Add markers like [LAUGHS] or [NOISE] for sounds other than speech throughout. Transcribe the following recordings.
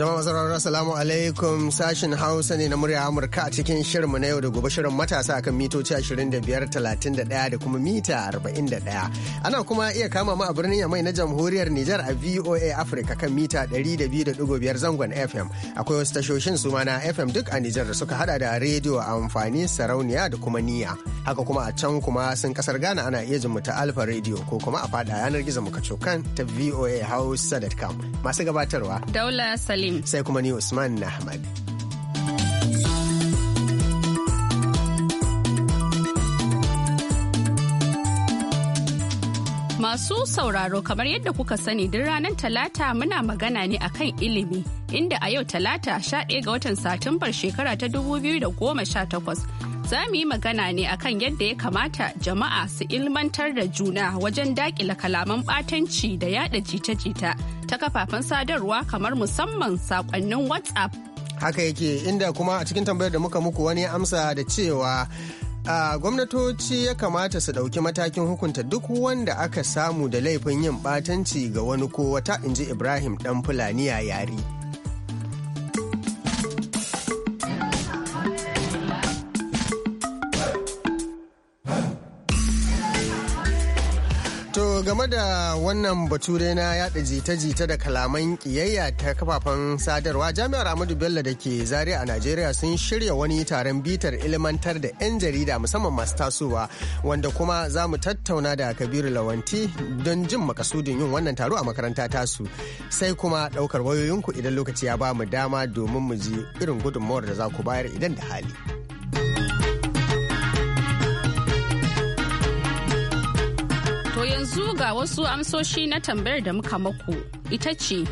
Jama'a sauraron salamu alaikum sashen Hausa ne na murya Amurka a cikin shirinmu na yau da gobe shirin matasa kan mitoci 25 da kuma mita 41. Ana kuma iya kama mu a birnin Yamai na Jamhuriyar Nijar a VOA Africa kan mita 200.5 zangon FM. Akwai wasu tashoshin su na FM duk a Nijar da suka hada da rediyo a amfani sarauniya da kuma niya. Haka kuma a can kuma sun kasar gana ana iya jin mu ta Alfa rediyo ko kuma a fada yanar gizo muka cokan ta hausa.com Masu gabatarwa. Daula sali Ibrahim. Sai kuma ni Usman Ahmad. Masu sauraro kamar yadda kuka sani duk ranar Talata muna magana ne akan ilimi inda a yau Talata 11 ga watan Satumbar shekara ta 2018 za mu yi magana ne akan yadda ya kamata jama'a su ilmantar da juna wajen dakila kalaman ɓatanci da yada jita-jita ta kafafen sadarwa kamar musamman sakonnin WhatsApp. Haka yake inda kuma a cikin tambayar da muka muku wani amsa da cewa a gwamnatoci ya kamata su ɗauki matakin hukunta duk wanda aka samu da laifin yin ɓatanci ga wani ko wata inji Ibrahim ɗan Fulani yari. game da wannan bature na yada jita-jita da kalaman kiyayya ta kafafen sadarwa jami'ar Ahmadu Bello da ke zariya a Najeriya sun shirya wani taron bitar ilmantar da 'yan jarida musamman masu tasowa wanda kuma za mu tattauna da Kabiru Lawanti don jin makasudin yin wannan taro a makaranta tasu sai kuma daukar wayoyinku idan lokaci ya ba mu dama domin mu ji irin gudunmawar da za ku bayar idan da hali. yanzu ga wasu amsoshi na tambayar da muka maku ita ce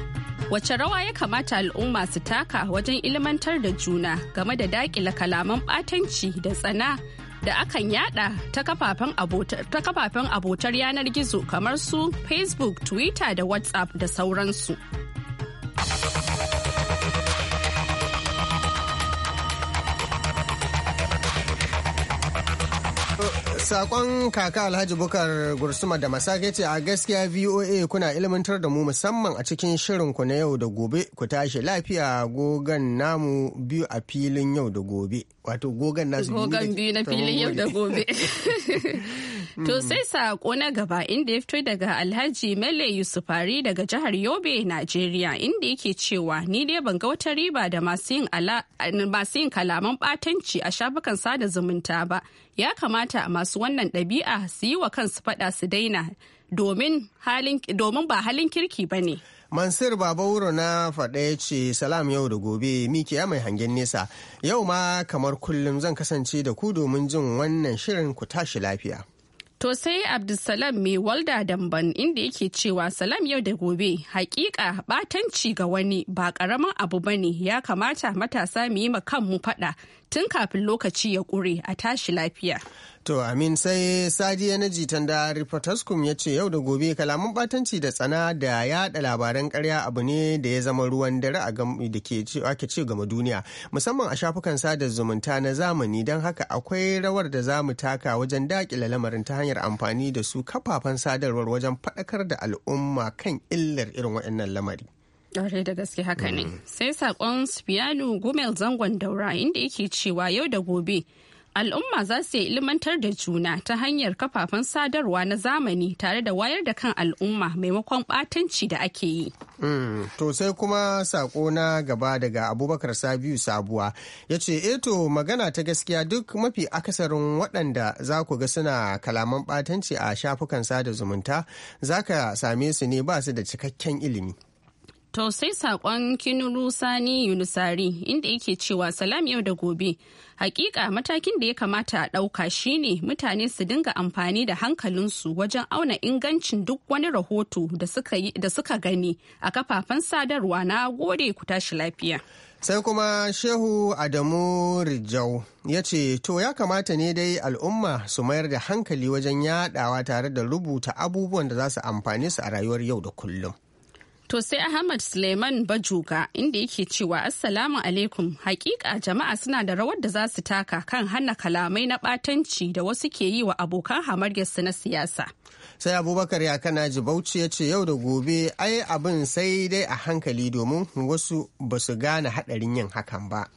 wace rawa ya kamata al'umma su taka wajen ilmantar da juna game da dakila kalaman batanci da tsana da akan yada ta kafafen abotar yanar gizo kamar su facebook twitter da whatsapp da sauransu. Sakon kaka Alhaji Bukar Gursuma da Masake ce a gaskiya VOA kuna ilmantar da mu musamman a cikin shirin ku na yau da gobe ku tashi lafiya gogan namu biyu a filin yau da gobe. Wato gogan nasu biyu na filin yau da gobe. [LAUGHS] To sai saƙo na gaba inda ya fito daga Alhaji Mele Yusufari daga jihar Yobe, Najeriya inda yake cewa ni dai ban ga wata riba da masu yin kalaman batanci a shafukan sada zumunta ba. Ya kamata masu wannan ɗabi'a su yi wa kansu faɗa su daina domin ba halin kirki ba ne. Mansur wuro na faɗa ya ce salam yau da gobe mikiya mai hangen nesa yau ma kamar kullum zan kasance da ku domin jin wannan shirin ku tashi lafiya. To sai Abdulsalam mai walda damban inda yake cewa salam yau da gobe hakika batanci ga wani ba karamin abu bane ya kamata matasa mu yi kanmu fada tun kafin lokaci ya ƙure a tashi lafiya. To Amin sai Sadiya na jitan da Kum ya ce yau da gobe kalaman batanci da tsana da yaɗa labaran karya abu ne da ya zama ruwan dare a da ke ake ce gama duniya musamman a shafukan sada zumunta na zamani don haka akwai rawar da za mu taka wajen dakile lamarin ta hanyar amfani da su kafafen sadarwar wajen faɗakar da al'umma kan illar irin waɗannan lamari. da gaske haka ne. Mm. Sai saƙon Spiano Gumel zangon daura inda yake cewa yau da gobe al'umma za su yi ilmantar da juna ta hanyar kafafen sadarwa na zamani tare da wayar da kan al'umma maimakon batanci da ake yi. Mm. to sai kuma sako na gaba daga abubakar sabiu sabuwa ya ce eto eh magana ta gaskiya duk mafi akasarin waɗanda za ku ga suna kalaman batanci a shafukan sada zumunta za ka same su ne ba su da cikakken ilimi. To sai sakon Kinuru Sani Yunusari inda yake cewa salam yau da gobe. Hakika matakin da ya kamata a ɗauka shine mutane su dinga amfani da hankalinsu wajen auna ingancin duk wani rahoto da suka gani a kafafen sadarwa na gode ku tashi lafiya. Sai kuma Shehu Adamu Rijau ya ce, To ya kamata ne dai al'umma su mayar da hankali wajen yaɗawa tare da rubuta abubuwan da za su amfani su a rayuwar yau da kullum. To sai Ahmad Suleiman Bajuga inda yake cewa Assalamu alaikum hakika jama'a suna da rawar da za su taka kan hana kalamai na ɓatanci da wasu ke yi wa abokan hamaryarsu na siyasa. Sai Abubakar ya kana Bauchi ya ce yau da gobe ai abin sai dai a hankali domin wasu ba su gane haɗarin yin hakan ba.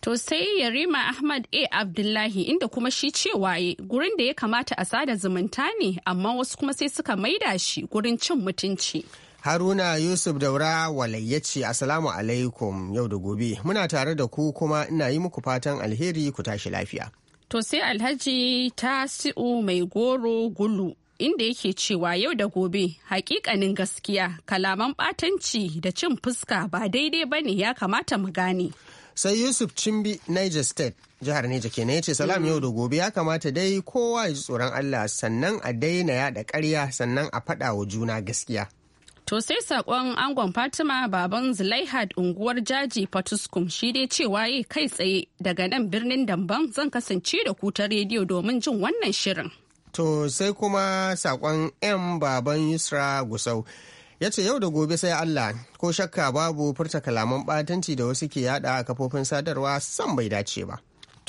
To sai Yarima Ahmad A. Abdullahi inda kuma shi ce waye gurin da ya kamata a sada zumunta ne amma wasu kuma sai suka maida shi gurin cin mutunci. Haruna Yusuf Daura walayyaci ya Assalamu alaikum yau da gobe muna tare da ku kuma ina yi muku fatan alheri ku tashi lafiya. To sai Alhaji Tasi'u mai goro gulu inda yake cewa yau da gobe hakikanin gaskiya kalaman batanci da cin fuska ba daidai ba ne ya kamata mu gane. sai yusuf cimbi niger state jihar neja kenan ya ce salam yau da gobe ya kamata dai kowa ya ji tsoron allah sannan a daina yada karya sannan a faɗa wa juna gaskiya To sai sakon angon Fatima baban Zulaihat unguwar jaji Fatuskum shi dai cewa yi kai tsaye daga nan birnin Damban zan kasance da ku rediyo domin jin wannan shirin. To sai kuma sakon 'yan baban Yusra Gusau. ya ce yau da gobe sai Allah ko shakka babu furta kalaman batanci da wasu ke yada a kafofin sadarwa san bai dace ba.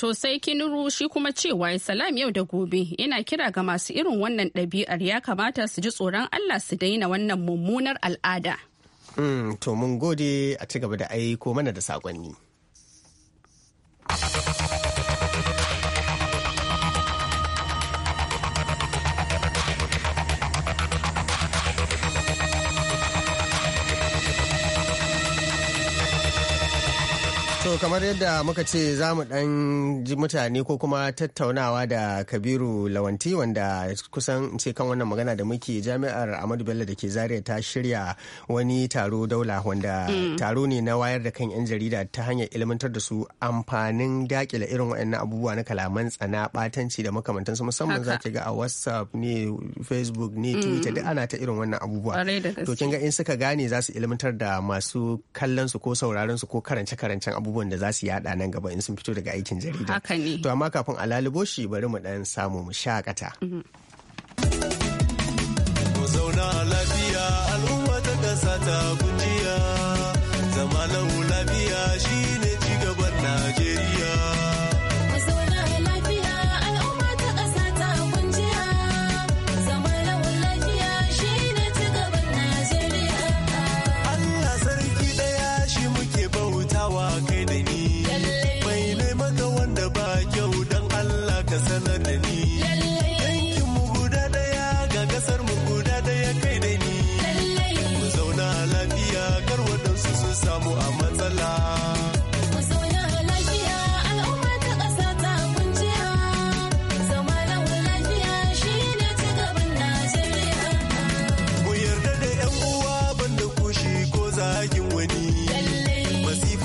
To sai kinuru shi kuma cewa salam yau da gobe ina kira ga masu irin wannan ɗabi'ar ya kamata su ji tsoron Allah su daina wannan mummunar al'ada. Mm, to mun gode a ci gaba da aiko mana da saƙonni. To kamar yadda muka ce za mu ɗan ji mutane ko kuma tattaunawa da Kabiru Lawanti wanda kusan ce kan wannan magana da muke jami'ar Ahmadu Bello da ke Zaria ta shirya wani taro daula wanda mm. taro ne na wayar da kan 'yan jarida ta hanyar ilmantar da su amfanin dakila irin waɗannan abubuwa na kalaman tsana batanci da su musamman za ga a WhatsApp ne Facebook ne mm. Twitter duk ana ta irin wannan abubuwa. To kin ga in suka gane za su ilmantar da masu kallon su ko sauraron su ko karance-karancen abubuwa abubuwan da za su yada nan gaba in sun fito daga aikin jarida haka to amma kafin a lalubo shi bari mu dan samu mu shakata mu mhm. zauna lafiya al'umma ta kasa ta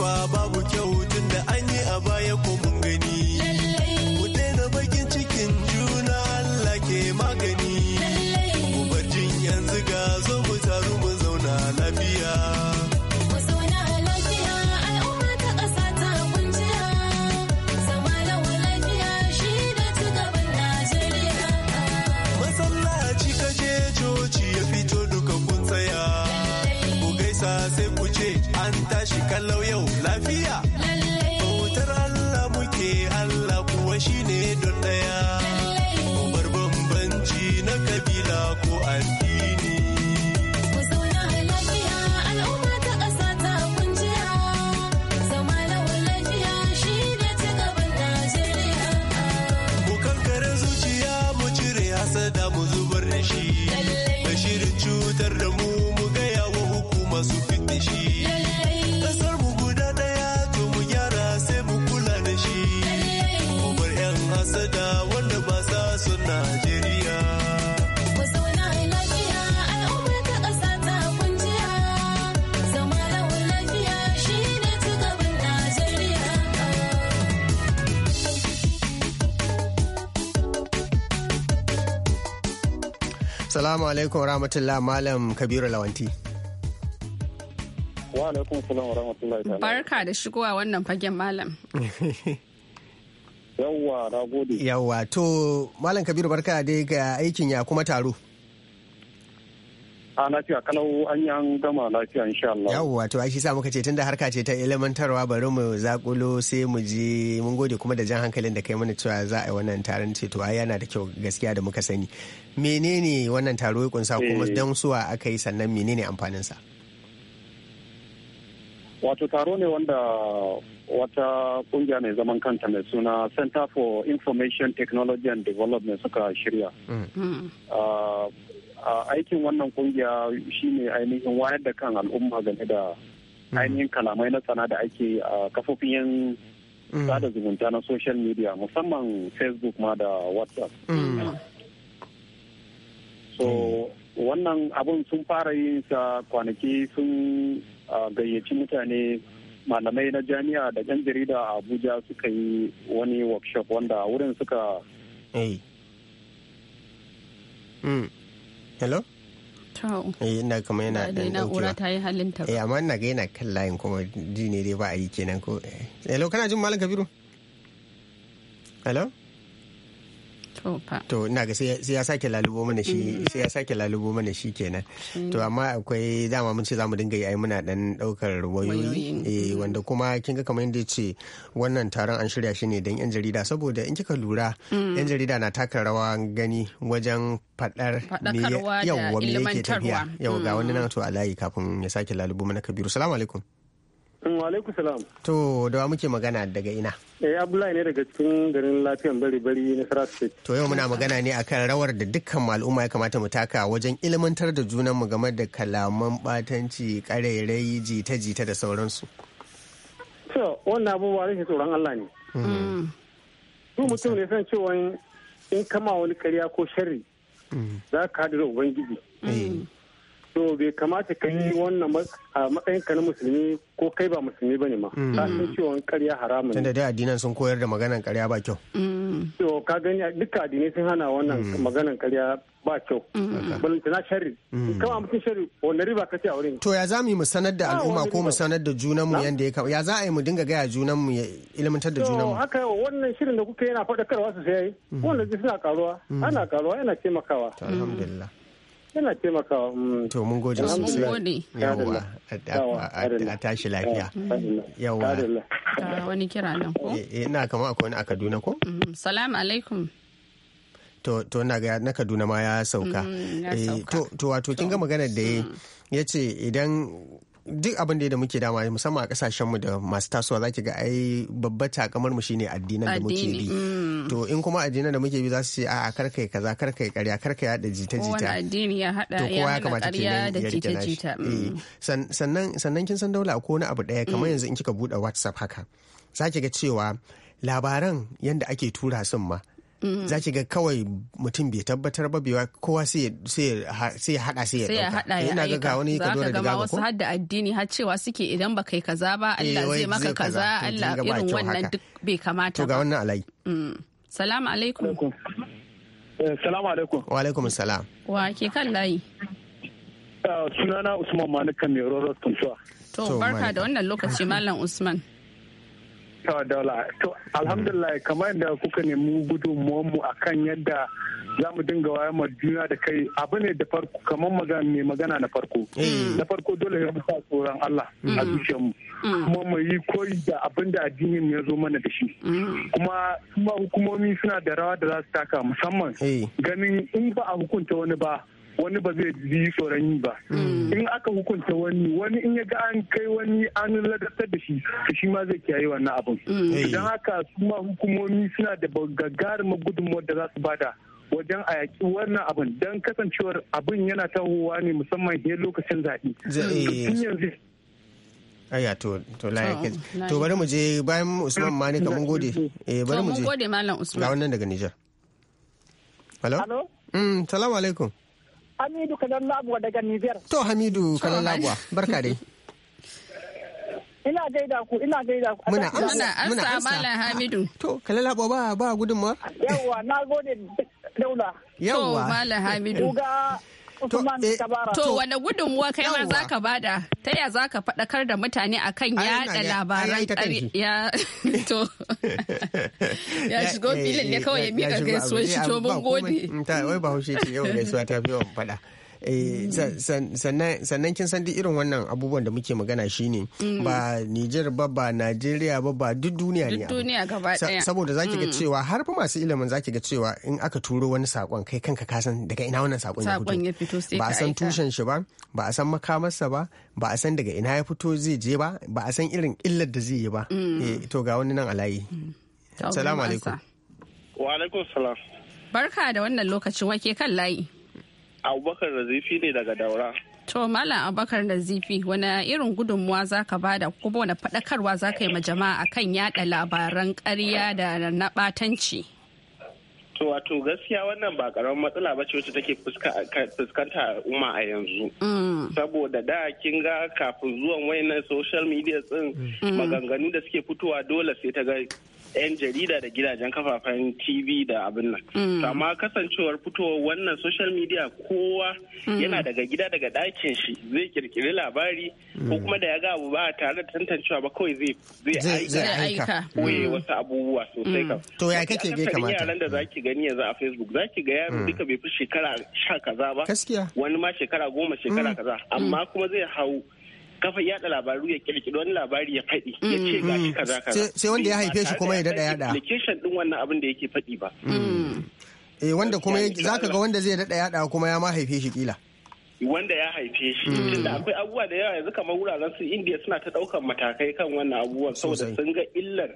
ba babu kyau tun da an yi a baya kuma Assalamu alaikum rahmatullah Malam Kabiru Lawanti. Wa alaikum salam ta'ala. Barka da shigowa wannan fagen Malam. [LAUGHS] Yawwa, na gode. Yawwa, to Malam Kabiru barka dai ga aikin ya kuma taro. a lafiya kalau an yi an gama lafiya insha Allah. Yawwa to ai shi sa muka ce tunda harka ce ta ilimantarwa bari mu zakulo sai mu je mun gode kuma da jan hankalin da kai mana cewa za a yi wannan taron ce to yana da kyau gaskiya da muka sani. menene wannan taro ya kunsa kuma eh. don suwa aka yi sannan menene amfaninsa wato taro ne wanda wata kungiya mai zaman kanta mai suna center for information technology and development suka shirya mm. ah, aikin wannan kungiya shine ainihin wayar da kan al'umma game da mm. ainihin kalamai na tsana da ake a kafofin yin mm. sada zumunta na social media musamman facebook ma da whatsapp so wannan abun sun fara yin sa kwanaki sun ah, gayyaci mutane malamai na jami'a da yan jarida a abuja suka yi wani workshop wanda wurin suka eh. Hmm. hello eh ina kama yana da eh amma ina ga yana kan layin kuma ji ne dai ba a yi kenan ko eh. hello kana jin malam kabiru hello to ina ga sai ya sake lalubo mana shi sai ya sake lalubo mana shi kenan mm. to amma akwai dama mun ce zamu dinga yi ai muna dan daukar wayoyi eh wanda kuma kin ga kamar yadda ce wannan taron an shirya shi ne dan yan jarida saboda in kika lura yan mm. jarida na taka rawa gani wajen fadar me yawwa me yake tafiya yau ga wani mm. nan to alayi kafin ya sake lalubo mana Kabiru salamu alaikum alaikum salam. To, da muke magana daga ina? Eh, Abdullahi ne daga cikin garin lafiyan bari bari na Sarat State. To, yau muna magana ne akan rawar da dukkan al'umma ya kamata mu taka wajen ilmantar da junan mu game da kalaman batanci, ƙarairayi, jita-jita da sauransu. To, wannan abubuwa rashin tsoron Allah ne. Su mm-hmm. mutum ne san cewa in kama wani kariya ko sharri mm-hmm. za ka haɗu da Ubangiji. Eh. so bai kamata ka yi wannan a matsayin ka na musulmi ko kai ba musulmi bane ma mm. ka san cewa karya haramun tunda dai addinan sun koyar da maganan karya ba kyau to mm. ka gani duka addinai sun hana wannan mm. maganan karya ba kyau balanta na sharri kama mutum sharri wanda riba ka ce a wurin to ya za mu yi sanar da al'umma ko mu sanar da junanmu yanda ya kama ya za a yi mu dinga gaya junanmu ya ilimantar da junanmu haka wannan shirin da kuka yana faɗakarwa su sai wanda suna karuwa ana karuwa yana taimakawa alhamdulillah yana taimakawa mm. to mun gode sosai yawa a tashi lafiya yawa wani kira nan ko eh, eh, ina kama akwai wani a Kaduna ko mm-hmm. salamu alaikum to na ga na Kaduna ma ya mm-hmm, eh, sauka to to wato kin ga magana da mm. ya ce idan duk abin da muke dama musamman a kasashen mu da masu tasowa zaki ga ai babbar takamar mu shine addinan da muke bi mm. to in kuma addinan da muke bi za su ce a kar kai kaza kar kai kariya kar kai hada jita jita wannan addini ya hada ya kamata da jita jita mm. eh, sannan sannan kin san daula ko wani abu daya mm. kamar yanzu in kika bude WhatsApp haka zaki ga cewa labaran yanda ake tura sun ma Mm-hmm. za ki ga kawai mutum bai tabbatar ba baiwa kowa sai ya hada sai ya dauka yana ga ga wani ka dora daga ko wasu hadda addini har cewa suke idan ba kai kaza ba eh, Allah zai maka kaza Allah irin wannan duk bai kamata to ga wannan alai mm. salamu alaikum eh, salamu alaikum wa alaikum salam wa ke kan layi ah, sunana Usman Manika ne Rorot Kuntuwa to barka da wannan lokaci Mallam Usman wa daula to alhamdulillah mm. kamar yadda kuka nemi mu a kan yadda za mu dinga wayar ma juna da kai abu ne da farko kamar magana mai magana na farko mm. na farko dole ya sa tsoron Allah a mm. mu kuma mu yi koyi da abin da addinin ya zo mana da shi kuma kuma hukumomi suna da rawa da za su taka musamman ganin in ba a hukunta wani ba wani ba zai ji tsoron yi ba hmm. in aka hukunta wani wani in ya ga an kai wani an ladatar da shi to shi ma zai kiyaye wannan abin hmm. don haka su ma hukumomi suna da gagarumar gudunmuwar da za su bada wajen a yaki wannan abin don kasancewar abin yana tahowa ne musamman he lokacin zaɓe. Eh, Aya to to oh, to bari mu je bayan Usman Mani ka mun gode. Eh bari mu je. gode Malam Usman. Ga wannan daga Nijar. Hello? Hello? Mm, salamu alaikum. Hamidu kalalabuwa daga Nijar. To Hamidu kalalabuwa [LAUGHS] barka dai. Ina gaida ku, ina gaida ku. Muna amsa, muna Malam Hamidu. To, kalalabuwa ba ba gudunmawa? Yawwa, na gode daula. Yawwa. To, Malam Hamidu. Kuga To gudun eh, gudunmuwa kai ma za ka bada? Ta ya za ka faɗakar da mutane a kan yaɗa labaran ya [LAUGHS] to. [LAUGHS] Ya shigo eh, filin ne eh, kawai ya miƙa gaisuwa shi to mun gode. Mm, wai ba haushe ce yau gaisuwa ta fi yawan faɗa. Eh, mm. sannan kin san duk irin wannan abubuwan da muke magana shine mm. ba Nijar ba ba Najeriya ba ba duk duniya ne duniya gaba daya saboda zaki ga mm. cewa har fa masu ilimin zaki ga cewa in aka turo wani sakon kai kanka ka san daga ina wannan sakon ya fito ba a san tushen shi ba ba a san makamarsa ba ba a san daga ina ya fito zai je ba ba a san irin illar da zai yi ba eh, to ga wani nan alayi salamu alaikum wa alaikum salam barka da wannan lokacin wake kan layi abubakar nazifi ne daga daura to malam abubakar nazifi wani irin gudunmuwa za ka bada kuma wani faɗakarwa za ka yi ma jama'a akan yada labaran karya da na ɓatanci to wato gaskiya wannan ba karamar matsala ba ce wacce take fuskanta umma a yanzu mm. saboda da kin ga kafin zuwan wayannan social media din mm. maganganu da suke fitowa dole sai ta ga 'yan jarida da gidajen kafafen tv da abin nan mm. amma kasancewar fitowar wannan social media kowa mm. yana daga gida daga dakin shi zai kirkiri labari ko mm. kuma da ya ga abu ba tare da tantancewa ba kawai zai aika koye wasu abubuwa sosai to ya kake ga kamata yaran da zaki gani yanzu a facebook zaki ga yaro duka bai fi shekara sha kaza ba wani ma shekara goma shekara kaza amma kuma zai hau kafa yada labaru ya kirkiro wani labari ya faɗi ya mm, ce ga shi mm. kaza kaza sai wanda ya haife shi kuma ya dada Da application din wannan abin da yake faɗi ba mm. eh wanda kuma zaka ga wanda zai dada yaɗa kuma ya ma haife shi kila wanda ya haife shi hmm. tunda akwai abubuwa da yawa yanzu kamar wuraren su indiya suna ta daukan matakai kan wannan abubuwa saboda sun ga illar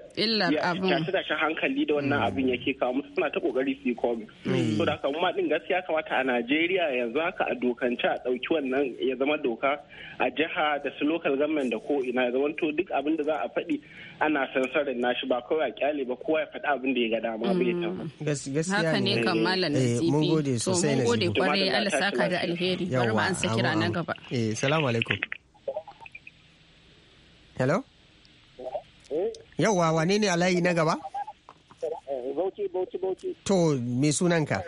ya ta tashin hankali da wannan hmm. abin yake kawo musu suna ta kokari su yi komi hmm. so da kamar maɗin gaskiya kamata a Najeriya yanzu haka a dokance a dauki wannan ya zama doka a jiha da su local government da ko ina ya zamanto duk abin da za a faɗi ana sansarin nashi ba kawai a kyale ba kowa ya faɗi abin da ya ga dama bai ta haka ne kan malam eh, nasibi to mun gode kwarai Allah da alheri bari mu ansa kira na gaba eh salamu alaikum hello yauwa wane ne alayi na gaba bauchi bauchi bauchi to me sunanka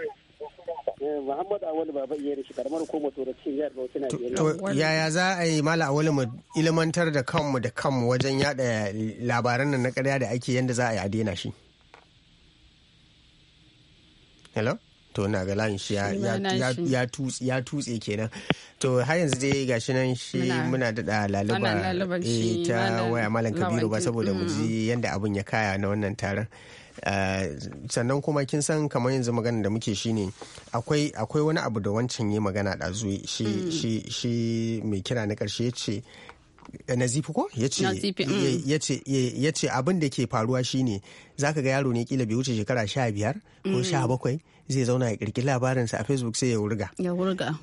eh, Muhammad Awal Baba Iyari shi karamar ko da cin jihar Bauchi Najeriya. To yaya za a yi mala Awal mu ilimantar da kanmu da kanmu wajen yada labaran nan na ƙarya da ake yanda za a yi a daina shi? Hello? to na ga shi ya tutse kenan to har yanzu dai gashi nan shi muna daɗa laluba eh, ta waya malam kabiru ba saboda mu mm. ji yadda abin ya kaya na wannan taron eh, sannan kuma kin san kamar yanzu magana da muke shine akwai akwai wani abu da wancan yi magana ɗazu mm. shi mai kira na ƙarshe ce Eh, nazifi ko mm. ya ce abin da ke faruwa shine zaka ga yaro ne kila bai wuce shekara sha biyar ko sha mm. bakwai zai zauna ya kirki labarinsa a facebook sai ya wurga ya wurga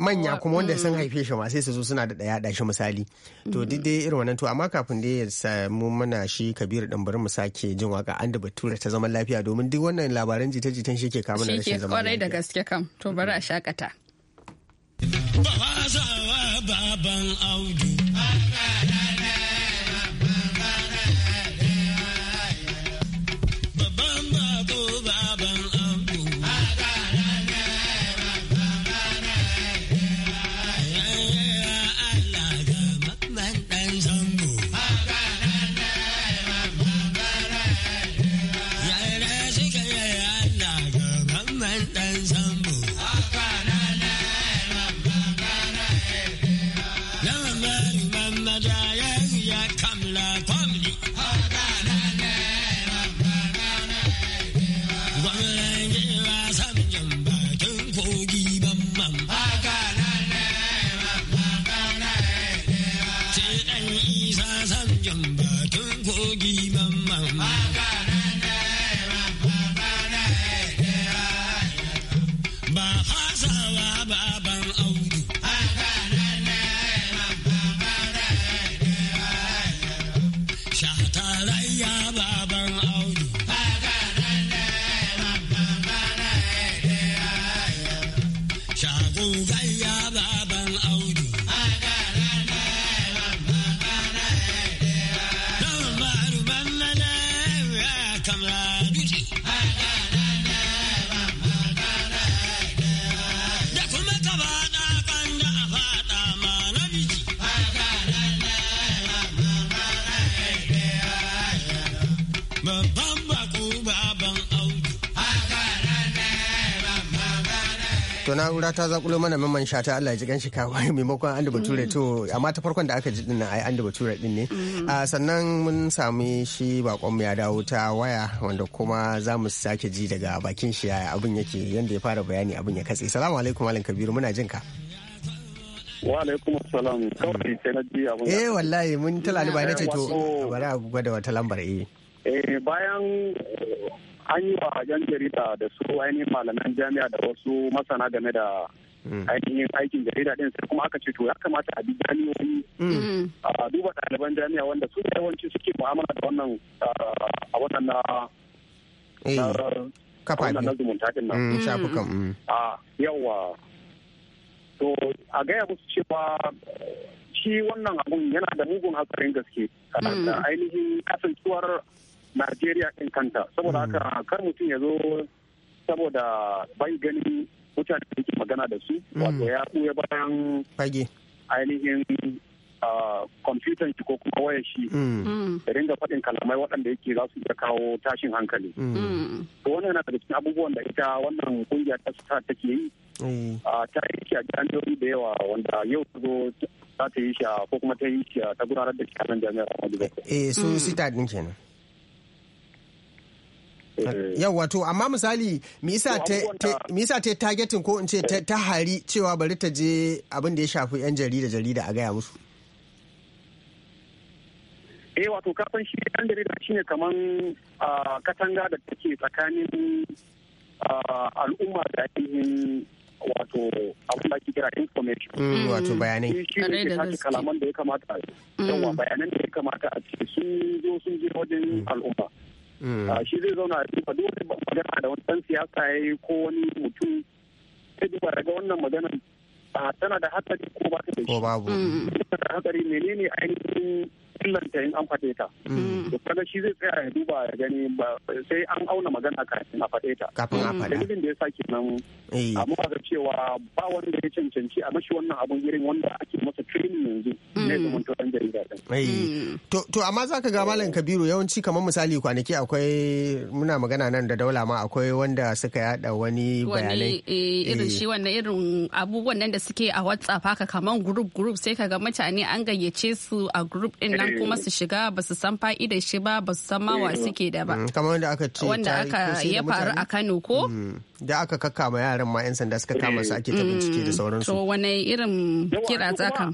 manya kuma wanda sun mm. haife shi ma sai su zo suna da daya shi misali to duk dai irin wannan to amma kafin da ya samu mana shi kabiru ɗan bari mu sake jin waka an da bature ta zaman lafiya domin duk wannan labaran jita-jitan shi ke kawo na rashin zaman lafiya kwarai da gaske kam to bari a mm-hmm. shakata baban audu na'ura ta zakulo mana mamman sha ta Allah ji ganshi kawai [LAUGHS] maimakon an da bature mm. to amma ta farkon da aka ji din ai an da bature din ne mm. ah, sannan mun sami shi bakon ya dawo ta waya wanda kuma za mu sake ji daga bakin shi yaya abin yake yanda ya fara bayani abin ya katse salamu alaikum malam kabiru muna jin ka wa alaikum salam kawai sai na ji abin eh wallahi mun talalibai na ce to bari a gwada wata lambar eh eh bayan an yi wa yan jarida da su ainihin malaman jami'a da wasu masana game da mm. ainihin aikin jarida din sai kuma aka ce to ya kamata a bi jami'o'i mm. a duba ɗaliban jami'a wanda su yawanci suke mu'amala da wannan a wannan na eh, kafa na zumunta din nan mm, shafukan a yawa to a gaya musu cewa shi wannan abun yana da mugun hatsarin gaske ainihin kasancewar Najeriya ɗin kanta saboda haka hmm. kar mutum ya zo saboda bai ganin mutane da magana da su hmm. wato ya ɓuya bayan ainihin kwamfutan shi ko kuma wayar shi da hmm. ringa faɗin kalamai waɗanda yake za su iya kawo tashin hankali. To wannan yana daga cikin abubuwan da ita wannan kungiya ta ta take yi. Oh. Ta yi shi a jami'o'i da yawa wanda yau ta zo za ta yi shi ko kuma ta yi shi ta gudanar da shi a nan jami'ar amadu Eh sun sita ɗin kenan. Eh. Yau wato amma misali me yasa ta targetin ko in ce eh. ta hari cewa bari ta je abin da ya shafi 'yan jarida jarida a gaya musu. eh wato kafin shi yan jarida shine kaman katanga da take tsakanin al'umma da ainihin wato abin da ake kira information mm, mm. wato bayanai shi ne ke kalaman da ya kamata a mm. bayanan da ya kamata a ce sun zo sun je wajen al'umma Mm. Ah, shi zai zauna a duba duk wani magana da wani dan siyasa ya yi ko wani mutum sai duba daga wannan magana ah, tana da hatsari ko ba ta da shi ko babu mm. tana ne menene ainihin illanta in an faɗe ta. Mm. To kaga shi zai tsaya ya duba ya gani ba sai an auna magana kafin a faɗe ta. Kafin a mm. faɗe. Dalilin da ya sa kenan eh. muka ga cewa ba wanda ya cancanci a mashi wannan abun irin wanda ake masa training yanzu. Ne da mutum ɗan jarida eh. mm. To amma za ka ga Malam Kabiru yawanci kamar misali kwanaki akwai muna magana nan da daula ma akwai wanda suka yada wani bayanai. Wani eh, irin shi wannan irin abubuwan nan da suke a WhatsApp haka kamar group group sai ka ga mutane an gayyace su a group ɗin nan eh. kuma su shiga ba su san fa'idar shi ba ba su san ma wa eh. suke da ba mm, kamar wanda aka ce wanda aka ya faru a Kano ko mm, da aka ma yaran ma yan sanda suka kama su ake ta eh. bincike da mm, sauransu to wani irin kira tsakan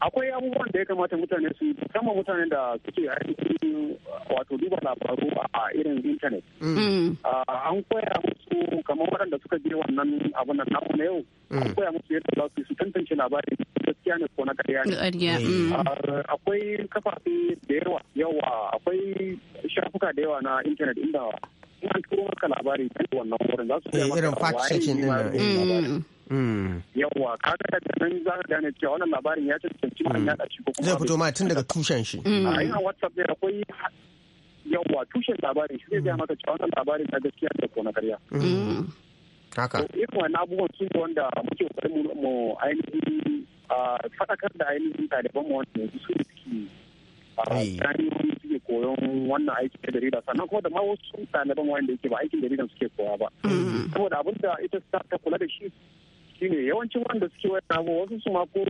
akwai abubuwan da ya kamata mutane su kama mutanen da suke ainihin wato duba labaru a irin intanet mm. an koya musu kamar waɗanda suka je wannan abin nan namu na yau an mm. koya musu yadda za su tantance labarin gaskiya ne ko na ƙarya ne mm. akwai kafafe da yawa yawa akwai shafuka da yawa na intanet inda an turo maka labari wannan wurin za su yawwa ga da nan za ka gane cewa wannan labarin ya cancanci ma ya dace ko kuma zai fito ma tun daga tushen shi a mm. ina whatsapp ne akwai yawwa tushen labarin shi zai gaya mm. maka cewa wannan labarin na gaskiya da ko na karya mm. haka irin wannan abubuwan su ne wanda muke kokarin mu ainihin faɗakar da ainihin ɗaliban mu wanda yanzu su ne suke ainihin wanda suke koyon wannan aikin da jarida sannan kuma da ma wasu ɗaliban wanda yake ba aikin jaridan suke koya ba saboda abinda da ita ta kula da shi shine yawancin wanda suke wani abu wasu su ma ko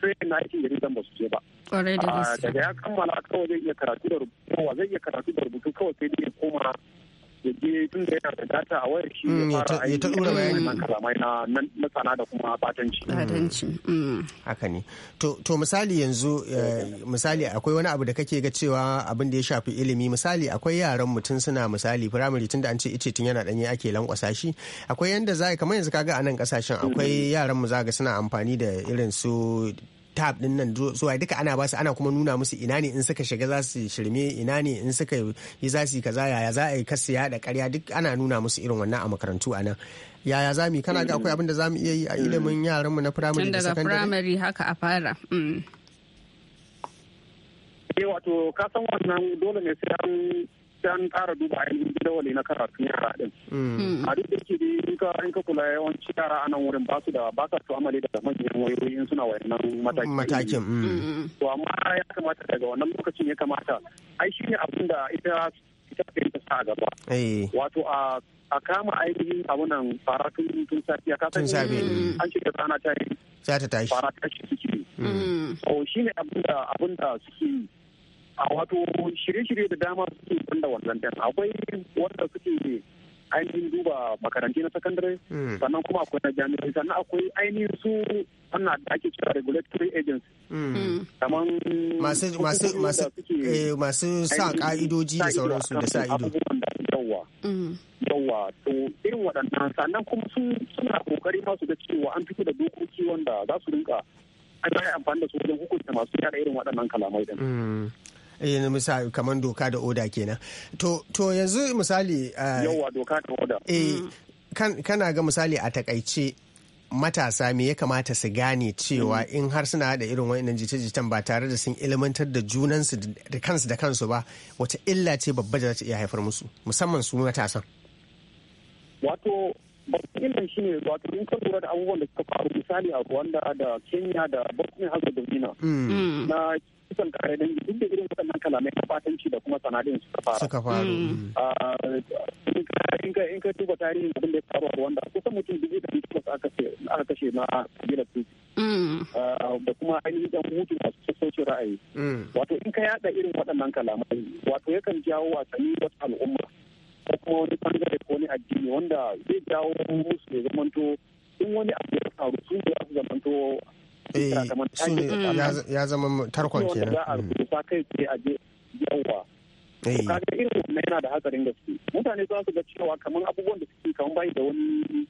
train na aikin jaridan ba su je ba ah, daga ya kammala kawai zai iya karatu da rubutu zai iya karatu da rubutu kawai sai dai ya koma je tun da yana da data a wayar shi mm, ya fara kalamai na na tsana da kuma batanci. Batanci. Mm. Haka ne. To misali yanzu eh, misali akwai wani abu da kake ga cewa abin da ya shafi ilimi misali akwai yaran mutum suna misali firamare tun da an ce ice tun yana danye ake lankwasa shi akwai yanda za kamar yanzu kaga a nan kasashen akwai mm. yaran mu za ga suna amfani da irin su tab din nan zuwa duka ana basu ana kuma nuna musu ina ne in suka shiga za su shirme ina ne in suka yi za su yi kaza yaya za a yi kasu da karya duk ana nuna musu irin wannan a makarantu a nan yaya za mu yi kana ga akwai abin da za mu iya yi a ilimin mm. mu na firamare da sakandare daga firamare haka a fara mm. eh wato ka san wannan dole ne sai an sai an ƙara duba ainihin jadawali na karatun yara din. Mm. A duk da ke in ka in ka kula yawanci yara a nan wurin ba su da ba sa su amali da manyan wayoyin suna wayannan matakin. Matakin. Mm. To amma ya kamata daga wannan lokacin ya kamata ai shi ne abin da ita ita ta sa a gaba. Eh. Wato a a kama ainihin nan fara tun tun a kasan san an shiga rana ta yi. Za ta tashi. Fara tashi suke. To mm. shi ne abin da abin da suke a wato shirye-shirye da dama suke wanda wannan ɗin akwai wanda suke ainihin duba makaranti na sakandare hmm. sannan kuma akwai na jami'ai sannan akwai ainihin su wannan da ake cewa regulatory agency hmm. hmm. kamar masu masu masu eh, masu sa ka'idoji da sauransu da sa ido yawa yawa to irin waɗannan sannan kuma su suna kokari masu da cewa an fito da dokoki wanda za su rinka an amfani da su wajen hukunta masu yada irin waɗannan kalamai din Eh, misali kamar doka da oda kenan to to yanzu misali eh, yawa doka da oda eh mm. kana ga misali a takaice matasa me ya kamata su gane cewa mm. in har suna da irin wa'annan jita-jitan ba tare da sun ilmantar da junansu da kansu da kansu ba wata illa ce babba da za ta iya haifar musu musamman su matasan wato babban shi ne wato in ka lura da abubuwan da suka faru misali a Rwanda da Kenya da Bosnia Herzegovina mm. na sukan kare dangi duk da irin waɗannan kalamai na fatanci da kuma sanadin suka fara. Suka faru. Mm. Mm. Ah, in ka duba tarihin abin da ya faru a Rwanda kusan mutum dubu da takwas aka kashe na kabilar Tutsi. Mm. Ah, da kuma ainihin ɗan hutu masu sassoci ra'ayi. Wato in ka yaɗa irin waɗannan kalamai wato yakan jawo wasanni wasu al'umma. Ko kuma wani ɓangare ko wani addini wanda zai jawo musu ya zamanto in wani abu ya faru su ne za su zamanto Eh, ya zama tarkon kenan za a rubuta kai tsaye a je yawa eh. kaga irin wannan yana da hatsarin gaske mutane za su ga cewa kamar abubuwan da suke kamar bai da wani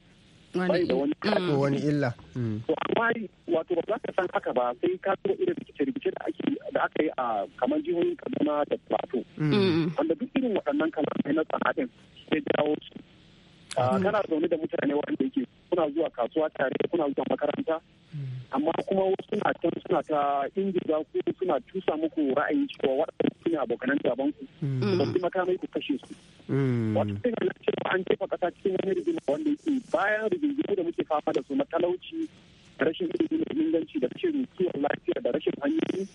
bai da wani kato wani mm. illa mm. to amma wato ba za ka san haka ba sai ka so irin rikice rikice da ake da aka yi a kamar jihohin Kaduna da Plateau mm. wanda duk irin waɗannan kalamai na tsanadin sai jawo su Ah, mhm. kana zaune da mutane wanda yake kuna zuwa kasuwa tare kuna zuwa makaranta mhm. amma kuma wasu na can suna ta za ku suna tusa muku ra'ayi cewa waɗanda suna abokanan gaban ku ba mhm. su makamai ku kashe su wato sai ga cewa an jefa ƙasa cikin wani rigima wanda yake bayan rigingimu da muke fama da su na talauci da rashin da inganci da rashin kiwon lafiya da rashin hanyoyi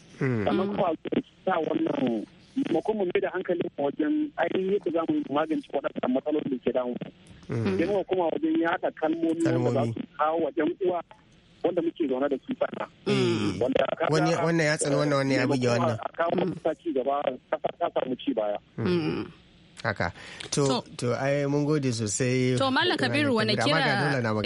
sannan kuma a sa wannan maimakon mu mai da hankali a wajen ainihin yadda za mu magance waɗannan matsalolin da ke damu Mm. yawa kuma wajen yaɗa kalmomi wanda za su kawo wa yan uwa wanda muke zaune da su sana. Mm. Wannan ya tsani wannan wannan ya bige wannan. A kawo ci gaba kasa mu ci baya. Mm. haka to to ai mun gode sosai to mallam kabiru wani kira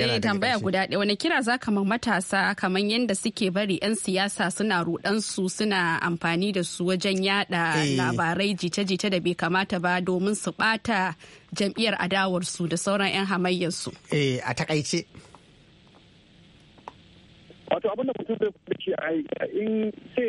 eh tambaya guda ɗaya wani kira za ma matasa kamar yadda suke bari yan siyasa suna rudan su suna amfani da su wajen yada eh. labarai jita-jita da bai kamata ba domin su bata jam'iyyar adawar su da sauran yan hamayyar su eh a takaice wato abin da mutum zai in sai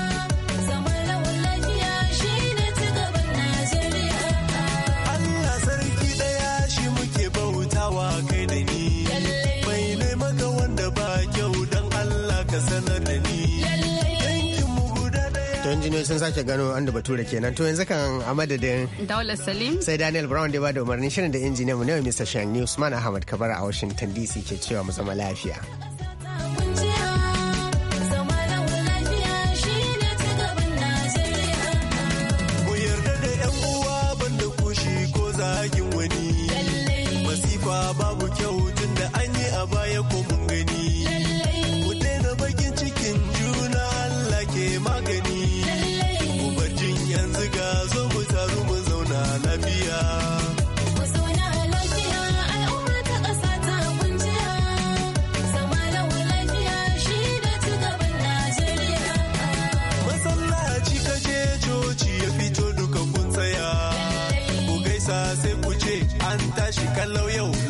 ne sun sake gano an da bature kenan to yanzu kan a madadin daular salim sai daniel brown da ba da umarnin shirin da injiniyan mu ne mr shang usman ahmad kabara a washington dc ke cewa mu zama lafiya Hello, yo.